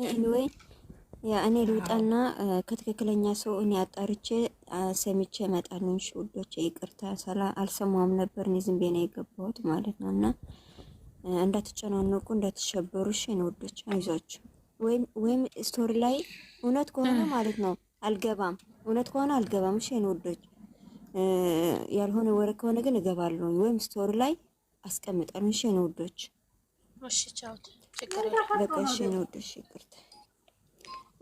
ወይ እኔ ልውጣና ከትክክለኛ ሰው እኔ አጣርቼ ሰምቼ እመጣለሁ። እሺ ውዶቼ፣ ይቅርታ ሰላ አልሰማሁም ነበር። እኔ ዝም ብዬ ነው የገባሁት ማለት ነው። እና እንዳትጨናነቁ እንዳትሸበሩ፣ እሺ ነው አይዟችሁ። ወይም ስቶሪ ላይ እውነት ከሆነ ማለት ነው አልገባም። እውነት ከሆነ አልገባም። እሺ ነው ያልሆነ ወሬ ከሆነ ግን እገባለሁ። ወይም ስቶሪ ላይ አስቀምጣለሁ። እሺ ነው እሺ በቃ ነው ድሽ ይቅርታ።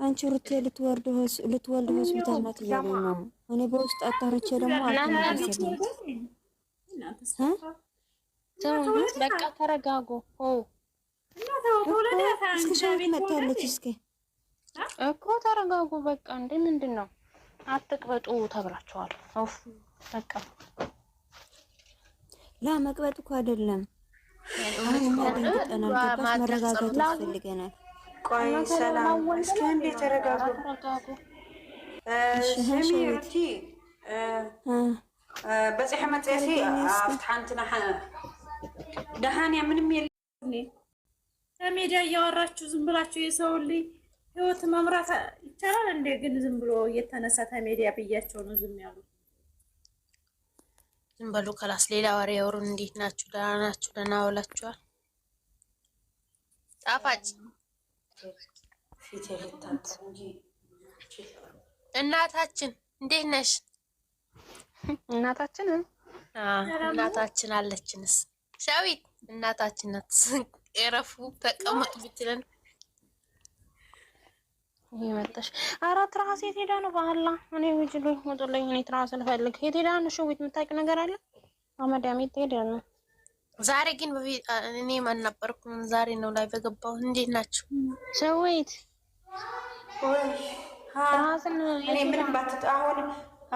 አንቺ ሩቴ ልትወልድ ሆስፒታል ናት እያለኝ ነው። እኔ በውስጥ አጣርቼ ደግሞ በቃ ተረጋጉ። እስከ ሻቢ መጥታለች። እስኪ እኮ ተረጋጉ። በቃ እንዴ ምንድን ነው አትቅበጡ ተብላችኋል። በቃ ላ መቅበጥ እኮ አይደለም መረጋጋት ያስፈልገናል። ቆይ ሰላም፣ እስኪ አንዴ ምንም የለ ከሜዲያ እያወራችሁ ዝም ብላችሁ የሰውልኝ ህይወት መምራት ይቻላል እንዴ? ግን ዝም ብሎ እየተነሳ ተሜዲያ ብያቸው ነው ዝም ያሉት። ዝም በሉ ከላስ ሌላ ወሬ ያወሩን። እንዴት ናችሁ? ደህና ናችሁ? ደህና ውላችኋል? ጣፋጭ እናታችን እንዴት ነሽ? እናታችን እናታችን አለችንስ ሻዊት እናታችን ናት። እረፉ ተቀመጡ ብትለን ይመጣሽ አራት ትራስ የት ሄዳ ነው? ባህላ እኔ ውጅሉኝ ወጡልኝ። እኔ ትራስ ልፈልግ። የት ሄዳ ነው? ሸዊት የምታውቂው ነገር አለ? አመዳም የት ሄዳ ነው? ዛሬ ግን ማን አልነበርኩም። ዛሬ ነው ላይ በገባው። እንዴት ናችሁ? ሸዊት?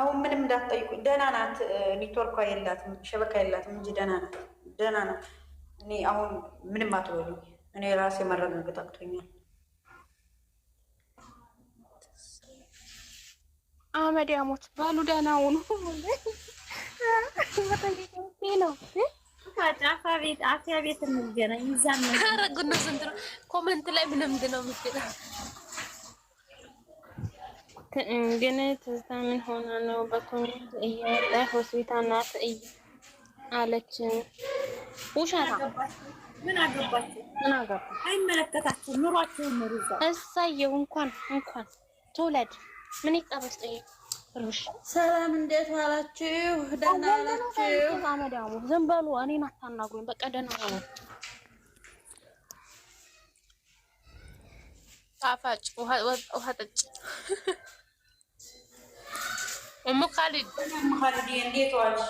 አሁን ምንም እንዳትጠይቁ። ደህና ናት። ኔትወርኳ የላትም ሸበካ የላትም እንጂ ደህና ናት። ደህና እኔ አሁን ምንም አትበሉኝ። እኔ ራሴ ነው አቅቶኛል። አመዳሞች ባሉ ደህና ሁኑ። ኮመንት ላይ ምንምንድን ነው የምትለው? ግን ትዝታ ምን ሆና ነው በኮሜንት እየወጣ ሆስፒታል ናት አለች። ውሸታ ምን አገባችሁ? ምን ኑሩ። እሳየው እንኳን እንኳን ትውለድ ምን ሰላም እንዴት ዋላችሁ? ደህና ዋላችሁ? አመዳሙ ዝም በሉ፣ እኔን አታናግሩኝ። በቃ ደህና ሆኖ ጣፋጭ ውሃ ጠጭ። እሙ ካሊድ እንዴት ዋልሽ?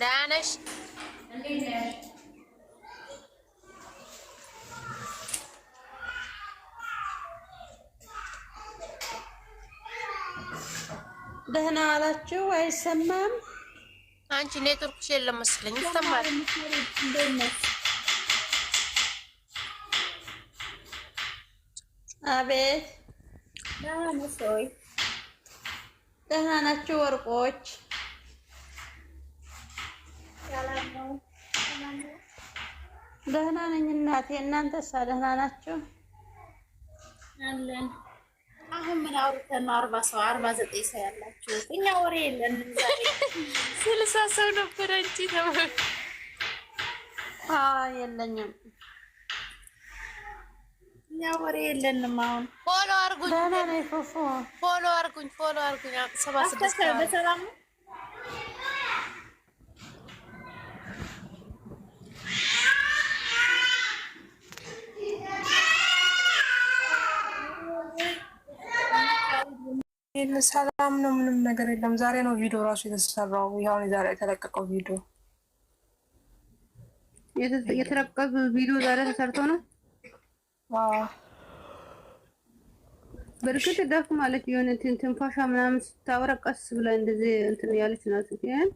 ደህና ነሽ? ደህና አላችሁ? አይሰማም? አንቺ ኔትወርክሽ የለም መሰለኝ። ይሰማል። አቤት ደህና ናችሁ ወርቆች? ደህና ነኝ እናቴ። እናንተሳ ደህና ናችሁ? አለን አሁን ምን አውርተን ነው? አርባ ሰው አርባ ዘጠኝ ሰው ያላችሁ እኛ ወሬ የለን። ስልሳ ሰው ነበረ እንጂ ነው የለኝም። እኛ ወሬ የለንም። አሁን ፎሎ አርጉኝ፣ ፎሎ አርጉኝ፣ ፎሎ አርጉኝ። ሰባ ስድስት በሰላም ነው ሰላም ነው፣ ምንም ነገር የለም። ዛሬ ነው ቪዲዮ ራሱ የተሰራው። ይሁን ዛሬ የተለቀቀው ቪዲዮ የተለቀቀው ቪዲዮ ዛሬ ተሰርቶ ነው። በእርግጥ ደክማለች፣ የሆነ ትንፋሻ ምናምን ስታወራ ቀስ ብላ እንደዚህ እንትን ያለች ናት ግን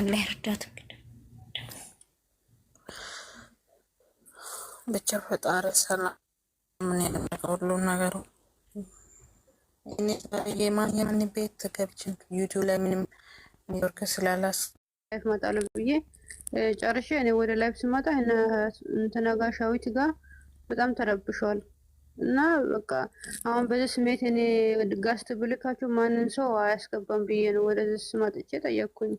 አላህ ይርዳት። ብቻ ፈጣሪ ሰላም ምን ያደረገ ሁሉ ነገሩ የማን ቤት ገብችን ዩቱብ ላይ ምንም ኒውዮርክ ስላላስ ላይፍ መጣለ ብዬ ጨርሼ እኔ ወደ ላይፍ ስመጣ እንትና ጋር በጣም ተረብሸዋል። እና በቃ አሁን በዚህ ስሜት እኔ ጋስት ብልካችሁ ማንን ሰው አያስገባም ብዬ ነው ወደዚህ ስመጥቼ ጠየቅኩኝ።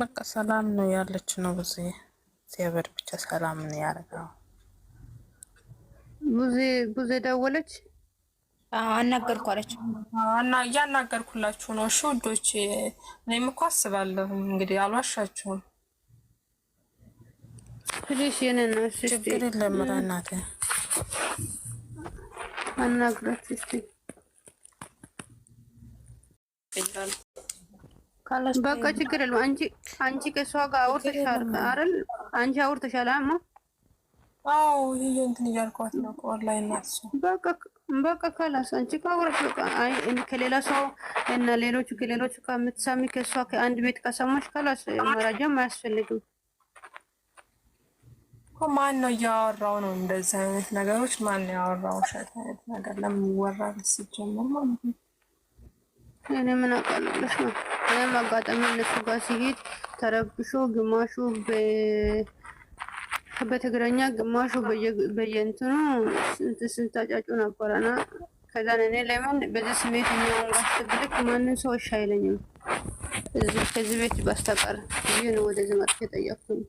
በቃ ሰላም ነው ያለች ነው። ብዙ ሲያበር ብቻ ሰላም ነው ያደረገው። ብዙ ብዙ ደወለች አናገርኳለች እና እያናገርኩላችሁ ነው። እሺ ውዶች፣ እኔም እኮ አስባለሁ እንግዲህ አልዋሻችሁም። ትንሽ የእኔን ችግር የለም እናቴ አናግራት እስቲ በቃ ችግር የለም። አንቺ አንቺ ከሷ ጋር አውርተሻል አይደል? አንቺ አውርተሻል። አማ አዎ፣ እንትን እያልኳት ነው። ኦንላይን ናትሱ በቃ በቃ ካላስ አንቺ ካወራሽ አይ ከሌላ ሰው እና ሌሎቹ ከሌሎቹ ከምትሰሚ ከሷ ከአንድ ቤት ከሰማሽ ካላስ መረጃም አያስፈልግም። ማን ነው እያወራው ነው? እንደዚህ አይነት ነገሮች ማን ነው ያወራው? ውሸት አይነት ነገር ለምን ይወራል ሲጀምር ማለት ነው። እኔ ምን አውቃለሁ ነው እኔም አጋጣሚ እነሱ ጋር ሲሄድ ተረብሾ ግማሹ በትግረኛ ግማሹ በየንትኑ ስንት ስንት ነበረና ከዛ እኔ ለምን በዚህ ስሜት እኛውን ጋር ስትብልክ ማንም ሰው እሺ አይለኝም። ከዚህ ቤት በስተቀር ይህን ወደዚህ መጥቼ ጠየቅኩኝ።